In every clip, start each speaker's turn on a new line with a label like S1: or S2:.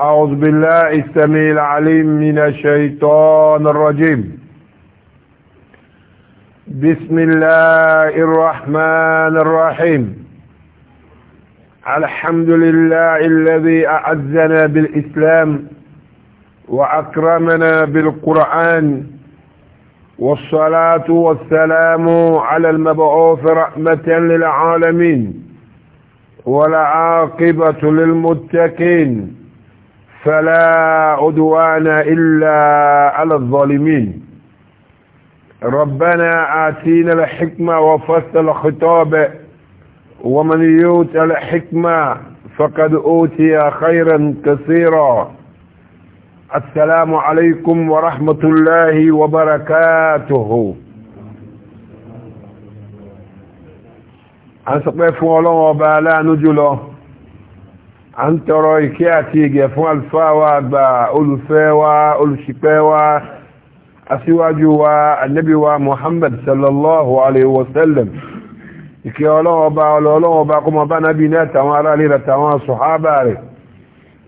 S1: أعوذ بالله السميع العليم من الشيطان الرجيم بسم الله الرحمن الرحيم الحمد لله الذي أعزنا بالإسلام وأكرمنا بالقرآن والصلاة والسلام على المبعوث رحمة للعالمين والعاقبة للمتقين فلا عدوان إلا على الظالمين ربنا آتينا الحكمة وفصل الخطاب ومن يوت الحكمة فقد أوتي خيرا كثيرا السلام عليكم ورحمة الله وبركاته أنسقف ولو وبالا نجله à ń tọrọ ìkẹ́ àti ìgẹ̀ fún àlùfáà wa àgbà olùfẹ́ wa olùṣìpẹ̀ wa aṣíwájú wa ànábì wa Muhammad sallallahu alayhi wa sallam ìkẹ́ ọlọ́wọ́ bá ọlọ́wọ́ bá kó mọ bá nábì ní àtàwọn aráàlú àtàwọn sọ̀hábà rẹ̀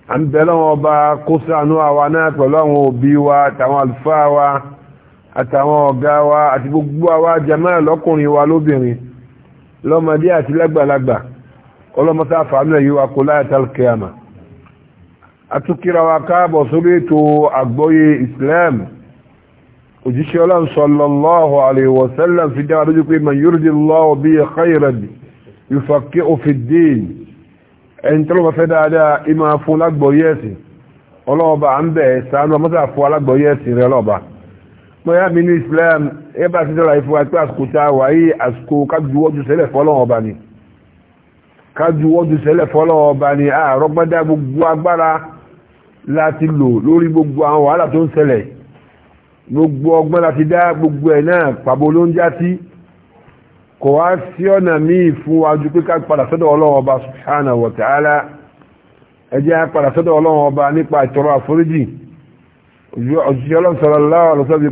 S1: à ń bẹ lọ́wọ́ kó ṣàánú àwa náà pẹ̀lú àwọn òbí wa àtàwọn ọlọ́mọta fàánà yíwa kò láyàtàl kìyàmà àtúkìrà wa káàbọ̀ sórí ètò àgbọ́yé islam òjíṣẹ́ ọlọ́run sallallahu alayhi wa sallam fi dáwà lójú pé man yuridillahu bihi khayran yufaqqihu fid-din ẹni tó lọ́wọ́ fẹ́ dáadáa ìmọ̀ fún lágbọ́yé ẹ̀sìn ọlọ́ọba à ń bẹ̀ sànú ọmọta fún alágbọ́yé ẹ̀sìn rẹ lọ́ba mọ́yá mi ní islam ẹ bá ti kájúwọ́jú sẹ́lẹ̀ fọ́lọ́wọ́ ọba ni àrọ́gbádá gbogbo agbára láti lò lórí gbogbo àwọn wàhálà tó ń ṣẹlẹ̀ gbogbo ọgbọ́n láti dá gbogbo ẹ̀ náà pàbó ló ń já sí kò wá sí ọ̀nà míì fún wa ju pé ká padà sọ́dọ̀ ọlọ́wọ́ ọba subhanahu wa ta'ala ẹ jẹ́ á padà sọ́dọ̀ ọlọ́wọ́ ọba nípa ìtọrọ àforíjì òṣìṣẹ́ ọlọ́run sọ̀rọ̀ láwọn ọ̀lọ́sọ́bí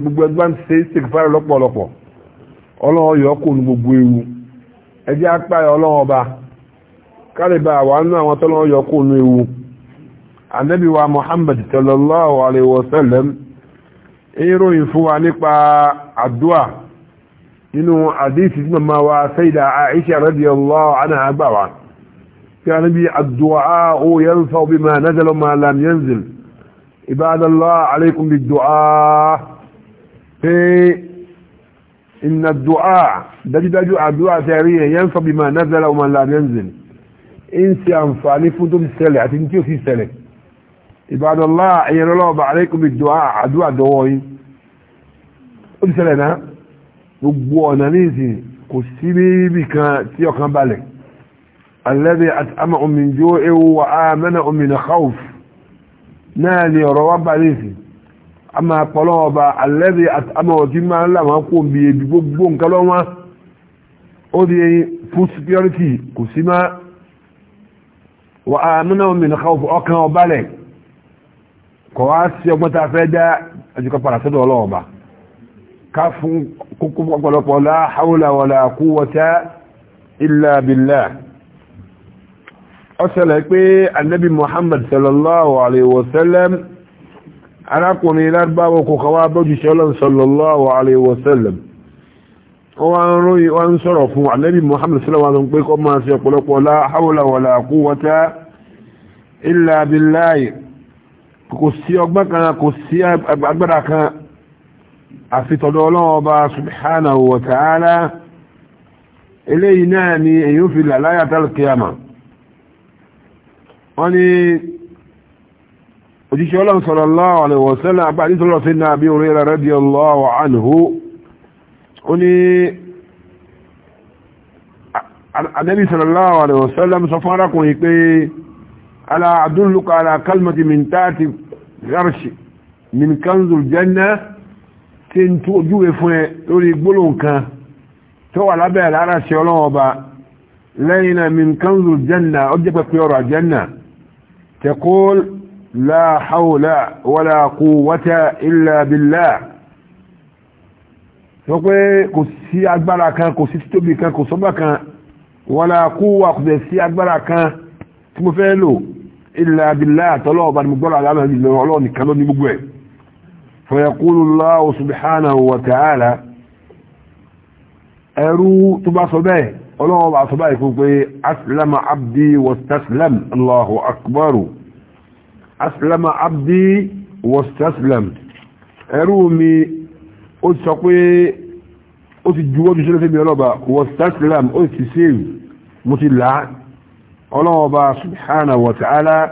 S1: kálíbà wà nínú àwọn tọ́lọ́ yọ kó nú ewu ànábì wa Muhammad sallallahu alaihi wasallam ìròyìn fún wa nípa àdúà nínú àdíṣì tí màmá wa sayida Aisha radiyallahu anha gbà wa kí a níbi àdúà ó yanfa bima nazala ma lam yanzil ibadallah alaikum bi du'a pé inna du'a e n si amfani fun tori sere ati nke osi sere ibadanla a iyerola oba arikomikidowa adu adowoi o di sere na gbogbo onani si ko si nibikan ti o kan bale alevi ati ama omin jo ewuwa a mena ominu haufu naa le rowa balesi ama polo oba alevi ati ama otu ma nla wa ko miye gbogbo nkalo nwa o di wà á múná omi nìkan ọkàn ọba lẹ̀ kọ̀ wá sí ọgbọ́n tá a fẹ́ dá ẹjùkọ́ padà sọ́dọ̀ ọlọ́ọ̀ba ká fún kókó ọ̀pọ̀lọpọ̀ la hawla wala quwwata illa billah ọ̀sẹ̀lẹ̀ pé annabi muhammad sallallahu alaihi wasallam wọ́n ń ròyìn wọ́n ń sọ̀rọ̀ fún alẹ́bí Muhammad sallallahu alaihi wasallam pé kọ́ máa ṣe ọ̀pọ̀lọpọ̀ la hawla wala quwwata illa billahi kò sí ọgbọ́n kan kò sí agbára kan àfi Ọlọ́run Ọba subhanahu wa ó ní ànábì sallallahu alaihi wasallam sọ fún arákùnrin pé ala adulluka ala kalmati min tati garshi min kanzul janna tí ń tó ojúwe fún ẹ lórí gbólóhùn kan tó wà lábẹ́ lára ṣe ọlọ́wọ́ ọba lẹ́yìn náà min kanzul janna ó jẹ́ pẹ̀pẹ̀ ọ̀rọ̀ àjẹ́nà taqul la hawla wala quwwata illa billah sọ pé kò sí agbára kan kò sí títóbi kan kò sọ́gbà kan wàlá kú wà kò sí agbára kan tí mo fẹ́ lò illa billah àtọ́lọ́ ọba ni mo gbọ́dọ̀ aláàmì ìlọrin ọlọ́run nìkan ló ní gbogbo ẹ̀ fa yaqulu Allahu subhanahu wa ta'ala ẹrú tó bá sọ bẹ́ẹ̀ ọlọ́run bá sọ báyìí pé aslama abdi wastaslam Allahu akbar aslama abdi wastaslam ẹrú mi ó sọ pé ó ti juwọ́ ju sílẹ̀ fẹ́mi ọlọ́ba wọ́n sàtìlám ó ti sèwì mo ti là á ọlọ́ọba subhanahu wa ta'ala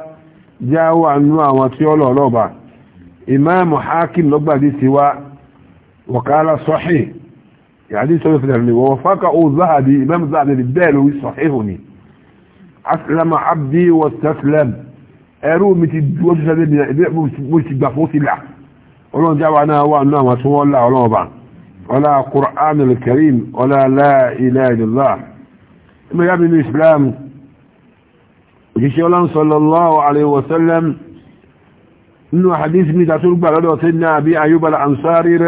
S1: jáwọ́ àánú àwọn tí ọlọ́ ọlọ́ba ìmáàmù hakim lọ́gbàdì ti wá wọ̀kálá sọ́hìn yàdí sọ́hìn fẹ́lẹ̀ ní wọ́n fákà ó ọlọ́run jáwà náà wà náà wọ́n tí wọ́n lá ọlọ́run ọba ọlá Qur'an al-Karim ọlá la ilaha illallah ẹgbẹ́ yàbí ní Islam òjíṣẹ́ ọlọ́run sallallahu alaihi wasallam nínú hadith mi ta tún gbà lọ́dọ̀ sí ní àbí Ayyub al-Ansari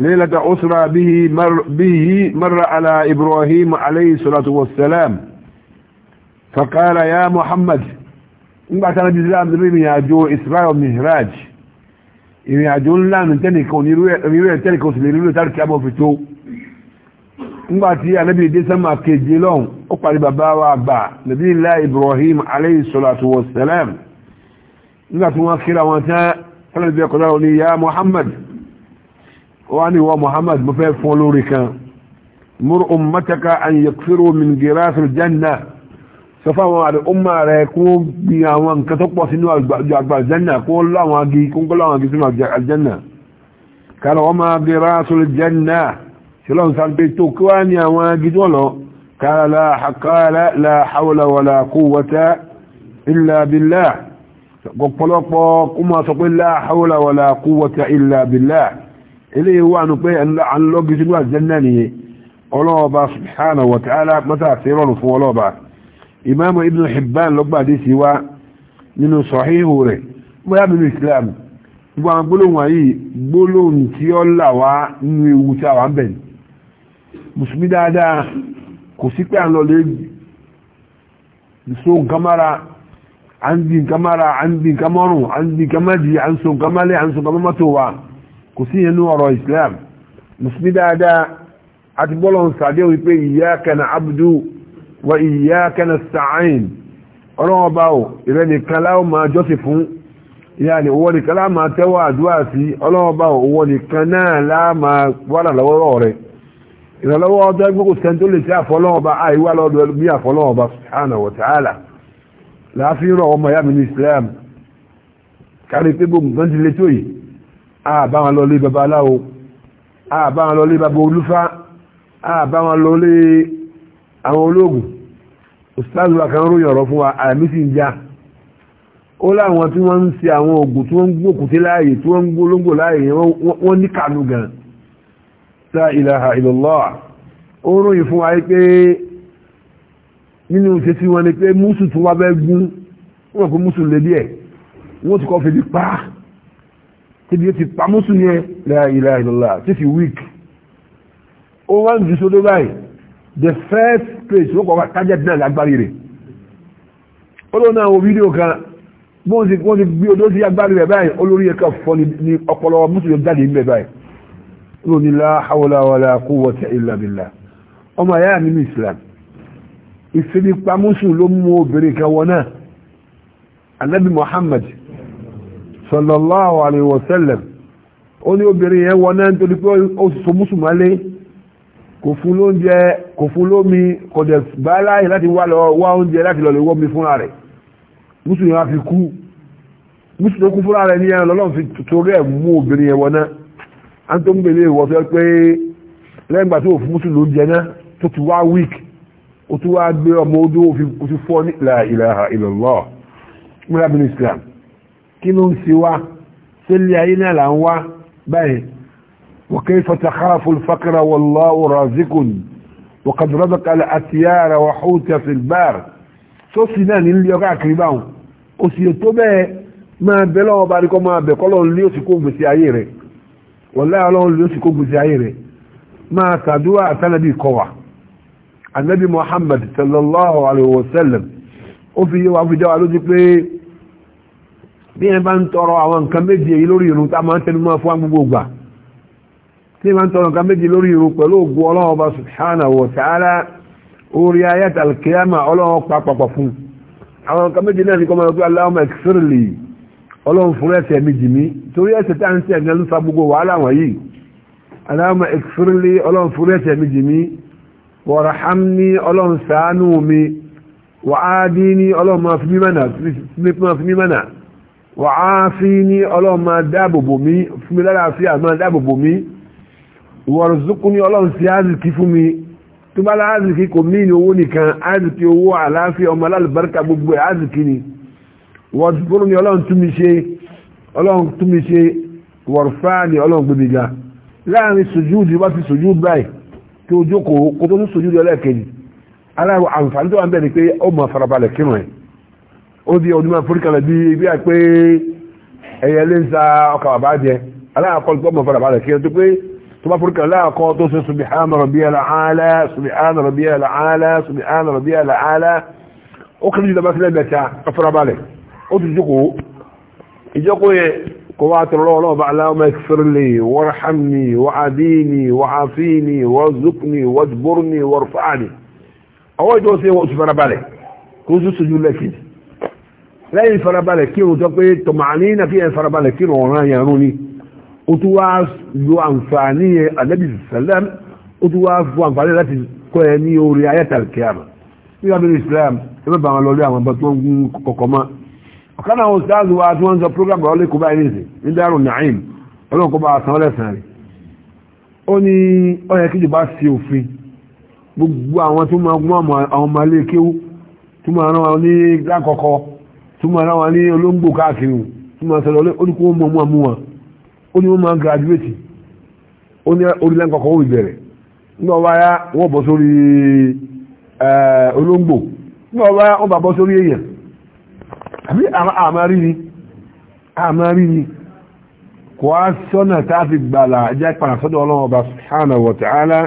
S1: ليلة أسرى به مر, به مر على إبراهيم عليه الصلاة والسلام فقال يا محمد نبعت أنا بإسلام دمين يعجو إسراء ومهراج يعجون لا ننتنك ونروي تلك وسليلو تلك أبو فتو نبعت يا نبي دي سمع كجيلون أقبل بابا وعبا نبي الله إبراهيم عليه الصلاة والسلام نبعت مؤخرة وانتا فلن بيقول لي يا محمد واني هو محمد مفيد فولوري كان مر أمتك أن يكفروا من جراث الجنة sọ fáwọn àdìkúnmà rẹ̀ kó bí àwọn nǹkan tó pọ̀ sínú àgbà aljanna kó láwọn agi kó ń kó láwọn agi sínú aljanna kálọ wọ́n máa bí ráṣùl janna ṣílọ́n sáńpé tó kí wá ní àwọn agi tó lọ kálá la hawla wala quwwata illa billah ọ̀pọ̀lọpọ̀ kó máa sọ pé la hawla wala quwwata illa billah eléyìí wà ní pé imam ibn hibban ló gbàdé sí wá nínú sọ̀híhù rẹ̀ bóyá nínú islam gbogbo àwọn gbólóhùn wáyé gbólóhùn tí ó là wá nínú ewu tí a wà ń bẹ̀ mùsùlùmí dáadáa kò sí pé à ń lọ lé so nǹkan mára à ń di nǹkan mára à ń di nǹkan à ń di nǹkan à ń so nǹkan à ń so nǹkan wa kò sí yẹn ní ọ̀rọ̀ islam mùsùlùmí dáadáa àti bọ́lọ̀ ń sàdé wípé iyyaka na'budu wa iyyaka nasta'in ọlọ́wọ́ bá ò ìrẹ́ nìkan láwọ́ máa jọ́sìn fún ìyá ni owó nìkan láà máa tẹ́wọ́ àdúrà sí ọlọ́wọ́ bá ò owó nìkan náà láà máa wádà lọ́wọ́ rẹ̀ ìrànlọ́wọ́ ọdọ́ gbogbo sẹ́ni tó lè ṣe àfọlọ́wọ́ba àìwá lọ́dọ̀ bí àfọlọ́wọ́ba subhanahu wa ta'ala láàfin rọ̀ ọmọ ìyá mi ní Islam wọn lọ lé babaláwo àbá wọn lọ wọn lọ lé àwọn ológun ustaz wa kan ròyìn ọ̀rọ̀ fún wa àmì sì ń já ó láwọn tí wọ́n ń ṣe àwọn oògùn tí wọ́n ń gbókùté láàyè tí wọ́n ń gbólógbò láàyè wọ́n ní kànú gan la ilaha illallah ó ròyìn fún wa pé nínú ṣe tí wọ́n ni pé mùsù tún wá bẹ́ẹ̀ gún wọ́n kó mùsù lè díẹ̀ wọ́n ti kọ́ fi bí pa tíbi ó ti pa mùsù yẹn la ilaha illallah tí fi wíìkì ó wá ń jù sódó báyìí the first place wọ́n kọ̀ọ̀kọ̀ target náà lágbárí rẹ̀ olóòrùn náà wo fídíò kan wọ́n ti wọ́n ti gbé odó sí agbárí rẹ̀ báyìí olórí ẹ̀ka fọ́ ní ọpọlọ mùsùlùmí jáde níbẹ̀ báyìí olóòrùn nílá hawlawala quwwata illa billah ọmọ ayá nínú islam ìfinipa mùsùlùmí ló mú obìnrin kan wọn náà anabi muhammad sallallahu alayhi wa sallam wọn kò fún lómi kò dẹ̀ gbá láyé láti wá lọ wá oúnjẹ láti lọ lè wọ́n mi fúnra rẹ̀ mùsùlùmí wọn fi kú mùsùlùmí kú fúnra rẹ̀ ní ẹran lọ́lọ́run fi torí ẹ̀ mú obìnrin yẹn wọná à ń tó ń bèlè ìwọ fẹ́ pé lẹ́yìn ìgbà tó o fún mùsùlùmí oúnjẹ náà tó ti wá wíìkì o tún wá gbé ọmọ odó o ti fọ́ ní la ilaha illallah múra kí ló ń ṣe wá sílé ayé náà là ń wá báyìí wa kayfa takhafu al-faqra wallahu razikun وقد رزق الأسيار وحوت في البار سوسنا نلي يقع كريباو أسيطبه ما بلو باركو ما بقلو اللي يسكون بسيائره والله الله اللي يسكون بسيائره ما تدوى سنبي قوة النبي محمد صلى الله عليه وسلم وفي وفي جوالو دي بي بي ان بان تورو اوان كان ميجي لوري نو تا ما تنما فوان بوغبا tí ma ń tọrọ nǹkan méjì lórí irun pẹ̀lú ògùn ọlọ́run ọba subhanahu wa ta'ala orí ayat alkiyama ọlọ́run papapọ̀ fún àwọn nǹkan méjì náà ní kọ́ mọ́lọ́gbé aláwọ̀ ẹ̀kísírìlì ọlọ́run fún ẹsẹ̀ méjì mi torí ẹsẹ̀ tá à ń tẹ̀ gan ló fa gbogbo wàhálà wọ̀nyí aláwọ̀ ẹ̀kísírìlì ọlọ́run fún ẹsẹ̀ méjì mi wọ̀rọ̀hámní ọlọ́run ṣàánú mi wàádí ní ọlọ́run fi ní ọlọ́run dáàbòbò mi fún mi lálàáfíà máa dáàbòbò mi ìwọ̀rùsùkú ní ọlọ́run sí áàzìkí fún mi tó bá láàzìkí kò mí ní owó nìkan áàzìkí owó àlàáfíà ọmọ alálùbáríkà gbogbo áàzìkí ni ìwọ̀rùsùkú ní ọlọ́run tún mi ṣe ọlọ́run tún mi ṣe ìwọ̀rùfáà ní ọlọ́run gbòdìgà láàrin sùjúùdì wá sí sùjúùdì báyìí tó jókòó kó tó tún sùjúùdì ọlẹ́ẹ̀kejì aláwọ̀ àǹfààní tó wà ń bẹ̀ ni pé ó mọ̀ farabalẹ̀ kírun ẹ̀ ó di ọdún máa ثم فرك لا قوتوس سبحان ربي العالى سبحان ربي العالى سبحان ربي العالى اخرج لما كده بتاع افر بالك اتجكو اجكو قوات الله الله بعلا وما يكفر لي وارحمني وعديني وعافيني وارزقني واجبرني وارفعني اول دوسي واسفر بالك كوزو سجول لك لا يفر بالك كيلو تقول طمعنينا فيها يفر بالك كيلو وانا يروني ó tún wá lo àǹfààní yẹn ànábì sàlám ó tún wá fún àǹfààní láti kọ́ ẹ ní orí ayẹ́tàlì kíámà nígbà islam ẹ bẹ́ẹ̀ bá wọn lọ rí àwọn ọba tó ń gún kọ̀kọ́ mọ́ ọ̀kan àwọn sáàzù wa tí wọ́n ń sọ program rọ̀ lẹ́kọ̀ọ́ báyìí nìyẹn ní dárò naim ọlọ́run kọ́ bá a san ọlẹ́sàn rẹ̀ ó ní ọyẹ kíjì bá fi òfin gbogbo àwọn tó máa gún àwọn ọmọ ilé kéwú tó máa rán wọn ní lákọ̀ọ́kọ́ tó máa rán wọn ní olóńgbò káàkiri tó máa sọ̀rọ̀ ó ní kó wọn ó ní wọ́n máa graduate ó ní orílẹ̀ nǹkan kan ó bẹ̀rẹ̀ nígbà wọ́n wáyá wọ́n bọ́ sórí eh, olóńgbò nígbà wọ́n wáyá wọ́n bá bọ́ sórí èèyàn àbí àmàrí ni àmàrí ni kò á sọ́nà tá a fi gbàlà jẹ́ padà sọ́dọ̀ ọlọ́run ọba subhanahu wa ta'ala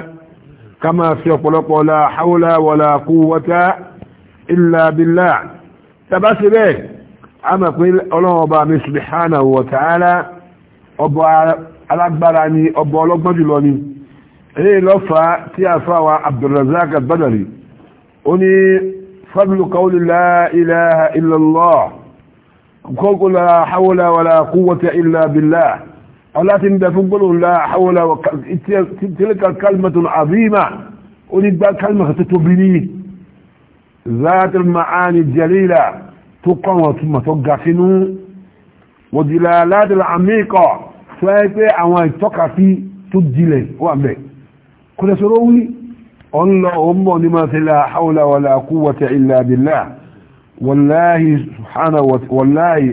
S1: ká máa fi ọ̀pọ̀lọpọ̀ la hawla wala quwwata illa billah tàbá sí bẹ́ẹ̀ a mọ̀ pé ọlọ́run ọba mi subhanahu wa ta'ala ọba alágbára ni ọba ọlọ́gbọ́n jùlọ ni èyí lọ́fà tí a fáwà Abdurrazak al-Badari ó ní fadlu qawli la ilaha illallah kọ́kọ́ la hawla wala quwwata illa billah aláti ń bẹ fún gbọ́nà la hawla tilka kalmatun azima ó ní gbá kalmata tó tóbi ní zaatul ma'ani jalila tó kọ́wọ́ tó gafinu wọ̀dìlà aládìlà àmìkọ̀ tó ẹ́ pé àwọn ìtọ́kasí tó jílẹ̀ wà mẹ́ kò lè sọ́rọ̀ wí ọ̀nlọ ọmọ ní máa tẹ́lá haula wàlá quwwata illa billah wàláhì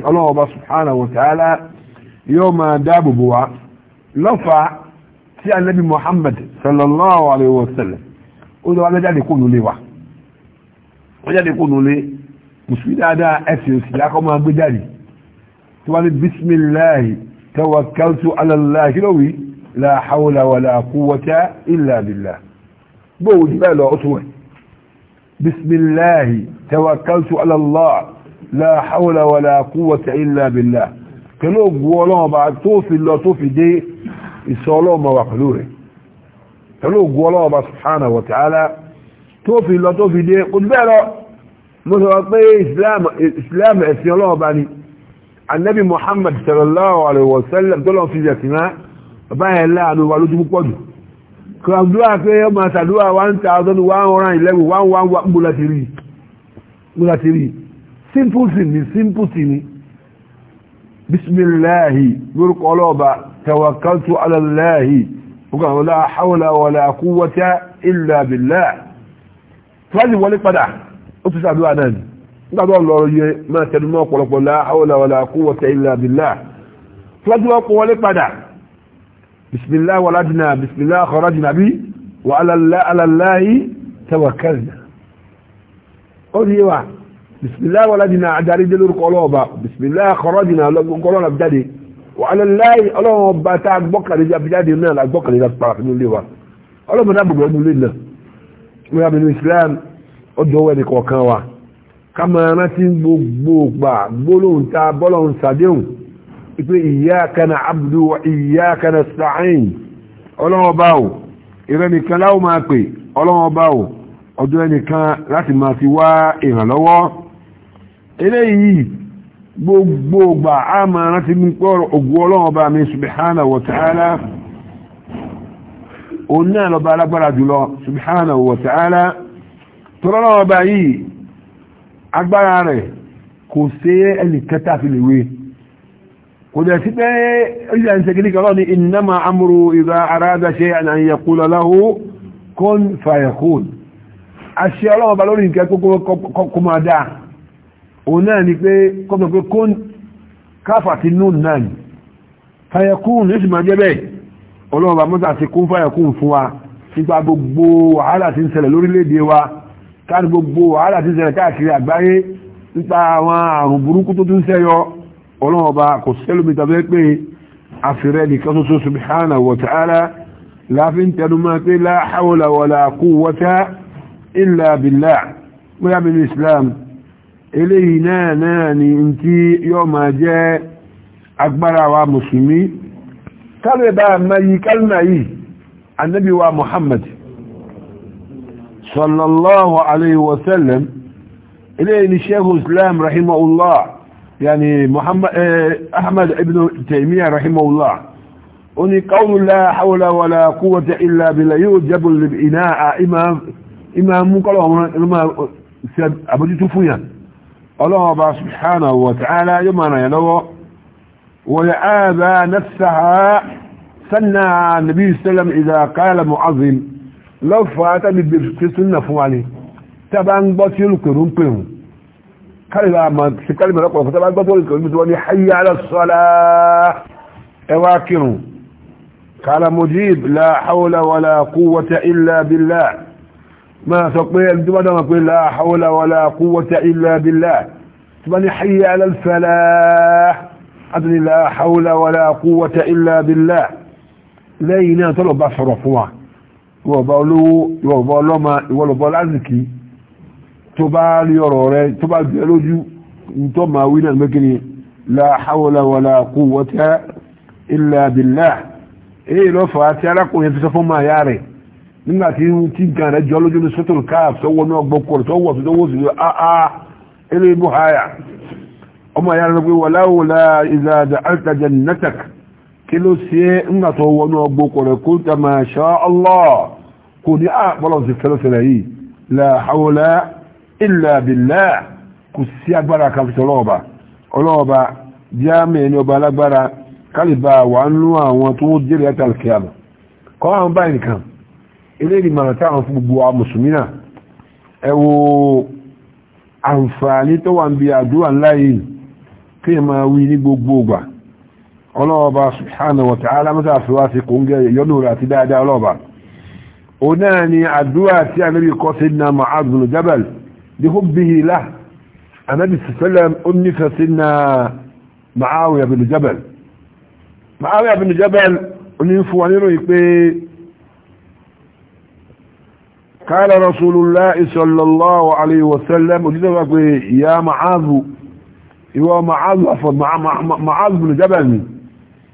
S1: ọlọ́ọ̀bá subhanahu wa ta'ala yóò máa dáàbòbò wa lọ́fà tí annabi muhammad sallallahu alaihi wasallam ó lọ wọ́n jáde kó wa wọ́n tó wá ní bismillahi tawakkaltu ala Allah kí ló wí la hawla wala quwwata illa billah bóòwò jù bẹ́ẹ̀ lọ ó túwẹ̀ bismillahi tawakkaltu ala Allah la hawla wala quwwata illa billah pẹ̀lú ògùn ọlọ́run ọba tó fi lọ tó fi dé ìsọ ọlọ́run ọba pẹ̀lú rẹ̀ pẹ̀lú ògùn ọlọ́run ọba subhanahu wa ta'ala bẹ́ẹ̀ lọ mo pé islam ẹ̀sìn ọlọ́run ni annabi muhammad sallallahu alaihi wasallam tó lọ fi yẹ̀sìnmá bàbá ẹ̀ láàánú wa lójú púpọ̀ jù kọ̀ọ̀dúwà pé ọmọ àtàdúwà 1111 múlátìrí simple sin ni simple sin ni bismillahi lórúkọ ọlọ́ọ̀bà tawakkaltu ala Allahi ọgbọ̀n la hawla wala quwwata illa billah fúlájì wọlé padà ó tún sàdúwà náà ni nígbàtọ́ lọ́rọ̀ yẹ máa tẹnumọ́ ọ̀pọ̀lọpọ̀ láàáwọ̀láwọ̀lá quwwata illa billah fúlájúwọ́ kó wọlé padà bismillah waladna bismillah kharajna bí wà ala Allahi tawakkalna ó ní wà bismillah waladna adarí dé lórúkọ ọlọ́ọ̀bà bismillah kharajna lọ́gbọ̀n jáde wà ala Allahi ọlọ́wọ̀n ọba tá a gbọ́kàlẹ̀ jáde náà la gbọ́kàlẹ̀ la pàrà nínú ilé wa ọlọ́mọdé àgbègbè ọdún ilé náà kọ̀ọ̀kan wa kama rántí gbogbo gbà gbólóhùn ta bọ́lọ̀hùn sàdéhùn ipé iyyaka na'budu wa iyyaka nasta'in ọlọ́wọ́ báwò ìrẹ́ nìkan láwọ́ máa pè ọlọ́wọ́ báwò ọdún ẹnìkan láti máa fi wá ìrànlọ́wọ́ eléyìí gbogbo gbà á máa rántí pípọ́ ògùn ọlọ́wọ́ bá mi subhanahu wa ta'ala òun náà agbára rẹ̀ kò sí ẹnì kẹta fi lè wé kò dẹ̀ sí pé ilẹ̀ ń segin nígbà lọ́ni innama amru idha arada shay'an an yaqula lahu kun fayakun àṣẹ ọlọ́wọ́ bá lórí nǹkan kókó máa dáa òun náà ni pé kọ́mọ̀ pé kun káfàtí nùn náà ni fayakun nípa gbogbo wàhálà ti ń ṣẹlẹ̀ lórílẹ̀-èdè wa káàdì gbogbo wàhálà tí ṣẹlẹ̀ káàkiri àgbáyé nípa àwọn àrùn burúkú tó tún ṣẹ́yọ ọlọ́run ọba kò sẹ́lómi tàbí pé àfihàn nìkan ṣoṣo subhanahu wa ta'ala láàfin tẹnumọ́ pé la hawla wala quwwata illa billah bóyá bí islam eléyìí náà náà ni n tí yóò máa jẹ́ agbára wa mùsùlùmí صلى الله عليه وسلم إليه الشيخ الإسلام رحمه الله يعني محمد آه، أحمد ابن تيمية رحمه الله أني قول لا حول ولا قوة إلا بلا يوجب الإناء إمام إمام قالوا إمام أبو فيا الله سبحانه وتعالى يمانا ينوى ولآبى نفسها سنى النبي صلى الله عليه وسلم إذا قال معظم lọ́fà tàbí bèbè súnà fún wa ní tí a bá ń gbọ́ tí olùkèrú ń pè hùn kálìbà àmà sí kálìbà lọ́pọ̀lọpọ̀ tí a bá gbọ́ tí olùkèrú ń pè wọ́n ní hayya ala sọ́lá ẹwà kírùn kààlà mujib la hawla wala quwwata illa billah máa sọ pé ẹni tí wọ́n dáwọn pé la hawla lẹ́yìn náà tọ́lọ̀ bá sọ̀rọ̀ fún wa ìwọ ọba olówó ìwọ ọba ọlọ́mọ ìwọ ọba lásìkí tó bá rí ọ̀rọ̀ rẹ tó bá jẹ́ lójú tó máa wí náà mẹ́kìnni la hawla wala quwwata illa billah èyí lọ́fà tí arákùnrin fi sọ fún máa yá rẹ̀ nígbàtí tí gan rẹ̀ jọ lójú ní ah, ah, sọ́tò káàf kí ló ṣe é ńgbà tó wọnú ọgbó kọ̀rẹ̀ ma tẹ máa kò ní àpọ̀lọ̀ sí fẹ́lẹ́fẹ́lẹ́ yìí la hawla illa billah sí agbára kan fi ọlọ́ọ̀bà ọlọ́ọ̀bà jáàmì ẹni ọba wà ń àwọn tó ń jẹ́rìí gbogbo ọlọ́ọba subhanahu wa ta'ala mọ́ta àfiwá sí kòńgẹ́ yọ́nù rẹ̀ àti dáadáa ọlọ́ọba o náà ni àdúrà tí anábì kọ́ sí na Mu'adh bin Jabal di hubbihi la anábì sẹ́lẹ̀m ó nífẹ̀ẹ́ sí na Mu'awiya bin Jabal Mu'awiya bin Jabal ó ní fún wa nínú ìpé kala rasulullah sallallahu alayhi wa sallam òjúdọ̀ wá pé ya Mu'adh ìwọ Mu'adh àfọ̀ Mu'adh bin Jabal ni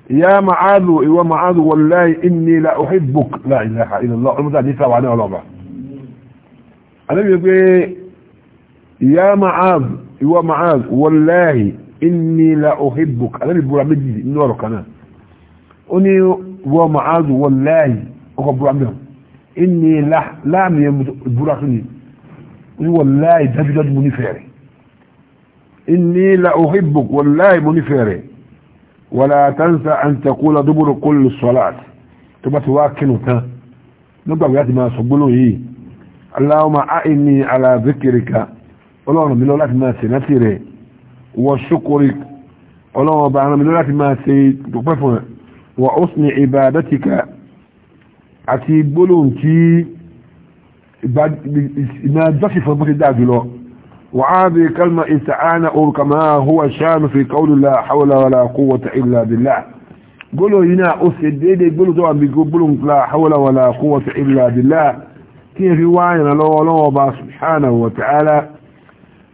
S1: يا معاذ إيوا معاذ والله إني لا أحبك لا إله إلا الله المتعد يسلم عليه الله أنا يقول يا معاذ إيوا معاذ والله إني لا أحبك أنا يقول عمدي نورك أنا أني ومعاذ والله أقول عمدهم إني لا لا من البراخني والله دجدج منفيري إني لا أحبك والله منفيري ولا تنسى أن تقول دبر كل صلاة تبقى تواكنك نبقى بياتي ما سبلو هي اللهم أعني على ذكرك اللهم من لولاك ما سنتره وشكرك اللهم بعنا من لولاك ما سيتقفنا وحسن عبادتك أتي بلون كي ما جفف بك الدعج له وهذه كلمة استعانة كما هو الشان في قول لا حول ولا قوة إلا بالله قلوا هنا أسدد قولوا طبعا بيقولوا لا حول ولا قوة إلا بالله كيف في وعينا لو الله با سبحانه وتعالى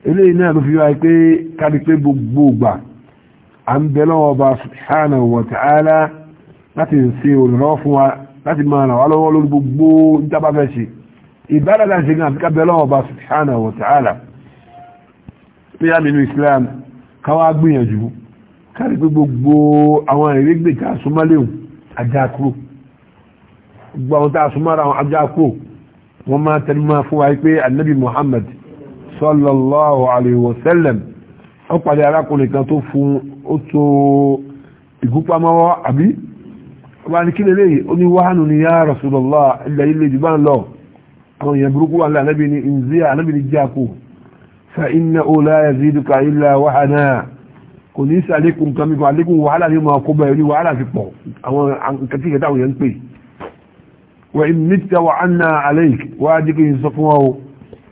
S1: إلينا في وعيكي كان يكتب بوبا عن بلو با سبحانه وتعالى láti ṣe olùrànwọ́ fún wa láti máa ràn wá lọ́wọ́ lórí gbogbo ìjábáfẹ́ ṣe ìbára láti ṣe gan pẹ́yà nínú Islam káwá gbìyànjú kárí pé gbogbo àwọn ìrégbè tá a súnmọ́ léwu ajá kúrò gbogbo àwọn tá a súnmọ́ ara àwọn ajá kúrò wọ́n máa tẹnu máa fún wa pé Annabi Muhammad sallallahu alayhi wa sallam ó pàdé arákùnrin kan tó fún ó tó ìgúpamọ́wọ́ àbí ọba ní kílẹ̀ oní wáhánu ni yá Rasulullah ilẹ̀ ilẹ̀ jù lọ àwọn èèyàn burúkú wà láàrín فإنه لا يزيدك إلا وهنا kò ní sí àlékún kan mígun àlékún wàhálà ní ọmọ ọkọ̀bọ̀ ẹ̀rí wàhálà fi pọ̀ àwọn kẹtí kẹta òyìn ń pè wà ìmìtà wà ánà àlẹ́ìk wà á sọ fún ọ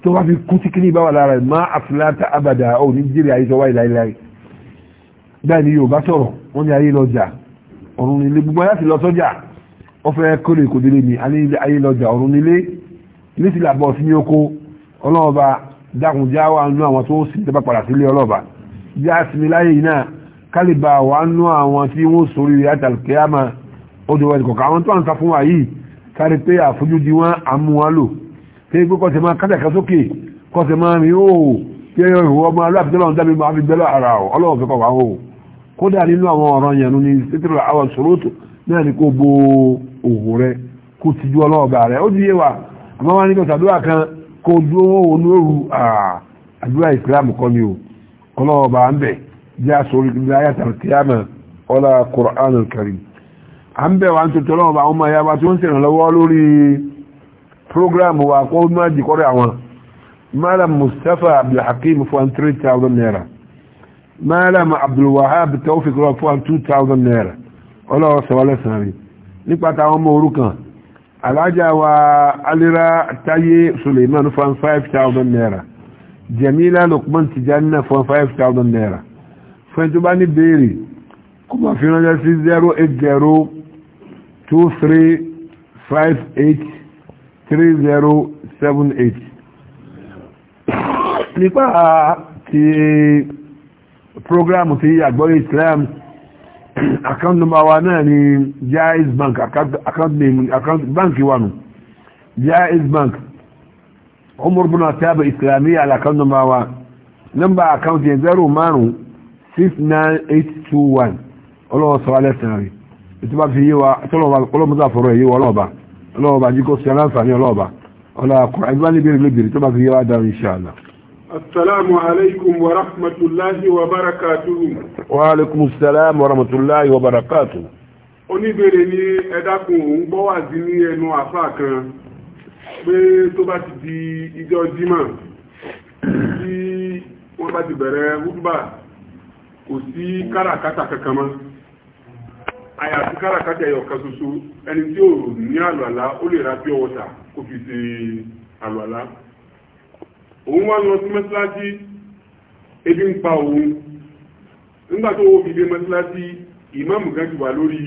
S1: tó wá fi kú tíkì ní ìbáwà lára má àfìláta àbàdà ọ ní jírí àyíṣọ wáyé láíláí báyìí ni Yorùbá sọ̀rọ̀ dákun já wà nú àwọn tó sì tẹ́bà padà sílé ọlọ́ba já sinmi láyé yìí náà kálíbà wà nú àwọn tí wọ́n sórí àtàlùkẹ́yàmà odòwò ẹ̀dùkọ̀kọ̀ àwọn tó à ń ta fún wa yìí kárí pé àfojúdi wọn àmú wọn lò pé pé kọ́sẹ̀ máa kájàká sókè kọ́sẹ̀ máa mi ó pé ìwọ ọmọ aláàbìtẹ́lọ́ ń dábì máa fi bẹ́lọ́ ara ọ̀ ọlọ́wọ́ fẹ́ kọ̀ọ̀kan o kódà nínú àwọn ọ̀rọ̀ yẹn ní sétírò ni kò bo òwò rẹ kó tijú ọlọ́ọ̀bà rẹ ó di yé kó dúró wọnú òru àdúrà ìsìlámù kọ́ ni o ọlọ́wọ́ bá ń bẹ̀ jẹ́ àsorí láyà tàbíyàmà ọlá kùránù karim à ń bẹ̀ wá ń tuntun ọlọ́wọ́ bá wọn máa yára tí wọ́n ń ṣèrànlọ́wọ́ lórí prógrámù wa kó má jìkọ́rẹ́ àwọn malam mustapha abdulhakeem fún three thousand naira malam abdulwahab tawfiq fún two thousand naira ọlọ́wọ́ sọ̀rọ̀ lẹ́sàn-án rí nípa táwọn ọmọ òrukàn alájà wa alira táyé suleiman fún 5,000 naira jamila lukman tijani na fún 5,000 naira fún tó bá ní kuma fi ránjẹ́ sí 08023583078 nípa ti programu ti àgbọ́yé islam account number wa náà ni jaiz bank account name account bank wa nù jaiz bank umar bin ataba islamiyya al account number wa number account yẹn zero márùn six nine eight two one ọlọ́wọ́ sọ alẹ́ sàn rí ètò bá fi yé wa tọ́lọ́wọ́ ọlọ́mọdé àfọ̀rọ̀ yé wa ọlọ́ọ̀ba ọlọ́ọ̀ba jí kó sí aláǹfààní ọlọ́ọ̀ba ọlọ́ọ̀kùnrin àbí wọ́n ní bèrè lóbìnrin tó fi yé wa dáhùn insha
S2: السلام عليكم ورحمة الله وبركاته
S1: وعليكم السلام ورحمة الله وبركاته
S2: oníbèrè ni ẹ̀dákun òun gbọ́ wà sí ní ẹnu àfáà kan pé tó bá ti di ìjọ jímà tí wọ́n bá ti bẹ̀rẹ̀ wúdúbà kò sí káràkátà kankan mọ́ àyàfi káràkátà ẹyọ ṣoṣo ẹni tí ò ní àlùàlá ó lè ra pure water kó fi ṣe àlùàlá òun wá lọ sí mẹ́sílájí ebi ń pa òun nígbà tó wọ́n fi dé ìmáàmù kan ti wà lórí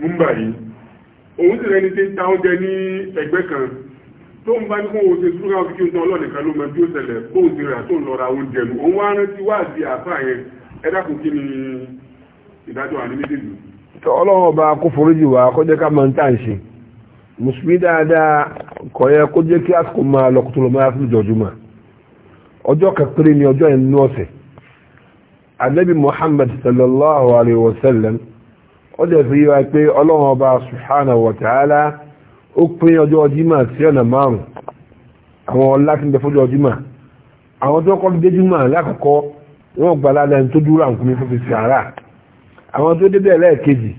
S2: múmbà yìí òun kan tó ń bá ní kóhun ṣe súnra òkìkí ń tan ọlọ́nìkan ló mọ bí ó ṣẹlẹ̀ o ti rà tó ń lọ oúnjẹ nù òun wá rántí wá àáfàá yẹn ni ìdájọ́
S1: àní kò ya kó jẹ́ kí àsìkò máa lọ kótó lọ máa fi jọjúmọ́ ọjọ́ anabi muhammad sallallahu alayhi wa sallam ó dẹ̀ fi wá pé ọlọ́run ọba subhanahu wa ta'ala ó pín ọjọ́ jímọ̀ sí ọ̀nà márùn àwọn bẹ àwọn tó kọ́ dé lákọ̀ọ́kọ́ wọ́n gba tó dúró fi sàárà àwọn tó débẹ̀ lẹ́ẹ̀kejì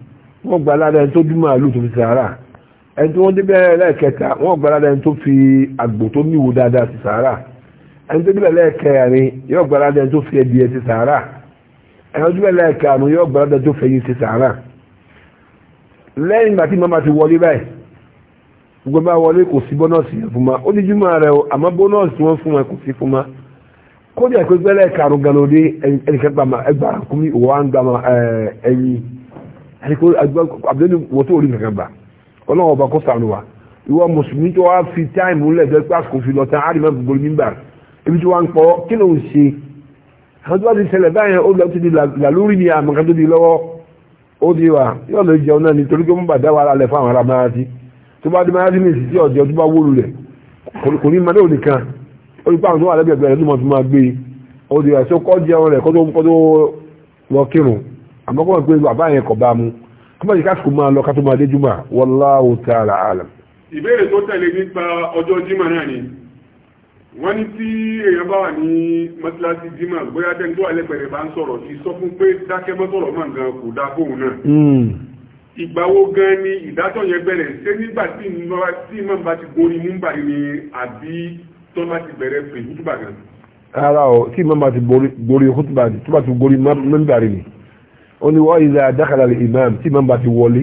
S1: wọ́n gba tó dúró ẹni tí wọ́n dé bẹ́ẹ̀ lẹ́ẹ̀kẹta wọ́n tó fi àgbò tó níwò dáadáa sí sàárà ẹni tó bẹ́ẹ̀ lẹ́ẹ̀kẹrin ẹni tó fi ẹdìyẹ sí sàárà tó sí sàárà lẹ́yìn ìgbà tí màmá ti wọlé báyìí gbogbo kò sí bọ́nọ́ọ̀sì yẹn fún ma ó ní rẹ o àmọ́ bọ́nọ́ọ̀sì wọn fún kò sí fún ma kó ọlọ́run ọba kó sànù wa ìwọ mùsùlùmí tó wá fi táìmù lẹ́gbẹ́ pàṣẹ fi lọ́tàn àdìmọ́ gbogbo nígbà ibi tí wọ́n ń pọ̀ kí ló ń ṣe àwọn tó bá ti ṣẹlẹ̀ báyẹn ó lọ ti di làlórí ni àmọ́ kan tó di lọ́wọ́ ó di wa yóò lọ jẹun náà nítorí pé wọ́n bá dá wàhálà lẹ̀ fáwọn ará máyàtí tó bá dé máyàtí ní ìsìtì ọ̀jẹ̀ tó bá wó lulẹ̀ kò ní mọ́lẹ́ òníkan ó ní pàrọ̀ tó wà lẹ́gbẹ̀ẹ́ kọ́mọ̀ yìí kásìkò máa lọ kátó máa dé jùmọ̀ wallahu ta'ala alam.
S2: ìbéèrè tó tẹ̀lé nípa ọjọ́ jimá náà ni wọ́n ní tí èèyàn bá wà ní mọ́tíláṣí jimá bóyá tẹ́ni tó wà lẹ́gbẹ̀rẹ̀ bá ń sọ̀rọ̀ sí sọ fún pé dákẹ́ mọ́tọ̀rọ̀ máa gan kò dá fóun náà hmm. ìgbà wo gan ni ìdájọ́ yẹn bẹ̀rẹ̀ ṣé nígbà tí ìmọ̀ bá ti gorí múmbà ni àbí tó bá ti bẹ̀rẹ̀ pè múmbà gan.
S1: ara ọ̀ tí ìmọ̀ bá ti gorí ni ó ní wọ́n ìlà dákàlà lè imam tí imam bá ti wọlé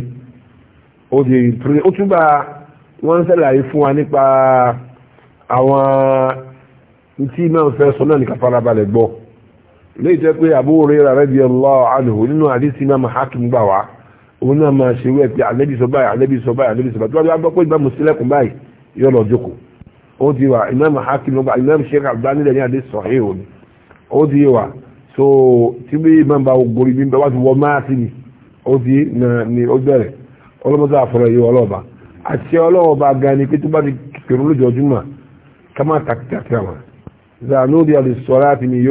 S1: ó di pírí ó túbà wọ́n ń sẹ́làyé fún wa nípa àwọn tí imam fẹ́ sọ náà ní kàfàràbalẹ̀ gbọ́ léyìí tẹ́ pé Abu Hurairah radiyallahu anhu nínú àdìsí imam hakim gbà wá òun náà máa ṣe wẹ́ pé àlẹ́bí sọ báyìí àlẹ́bí sọ báyìí àlẹ́bí sọ báyìí tí wọ́n bá gbọ́ pé ìbámu sílẹ̀kùn báyìí yọ lọ jókòó ó di wa imam hakim ló gba imam sheikh abdulhamid ní àdìsí sọ̀hìn òní ó di wa so tí bí máa bá gorí bí wọ́n ti wọ́n máa ni ó ti na ni ó bẹ̀rẹ̀ a àfọ̀rọ̀ yìí ọlọ́ọ̀ba àti ọlọ́ọ̀ba gan ni pé tó bá ti kẹrù lójoojúmọ́ ká má ní yóò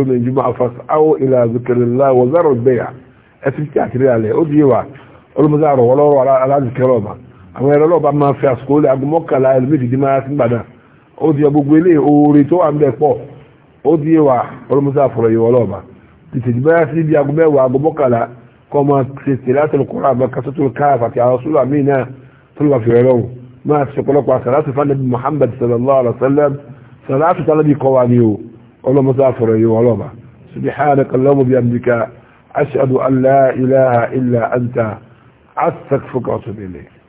S1: lẹ́yìn jùmọ̀ àfàṣà áwọ̀ ilà àzùkẹrẹ̀lá wọ́n zárò bẹ́yà ẹtì tí àti wa ọlọ́mọdé àrọ̀ wa ìṣèjìbáyà sí ibi aago mẹ́wàá aago mọ́kànlá kọ́ máa ṣèṣe láti lè kọ́ra àmọ́ kásán tó ká àfàtì àwọn sùúrù àmì náà tó lè wà fìrẹ́ lọ́wọ́ máa ṣe ọ̀pọ̀lọpọ̀ àṣàlátì fanabi Muhammad sallallahu alaihi wa sallam salatu talabi kọ́ wa ni o ọlọ́mọsá fọ̀rọ̀ yìí wọ́n lọ́ba subhanaka allahumma bi amdika ashhadu an ilaha illa anta astaghfiruka wa atubu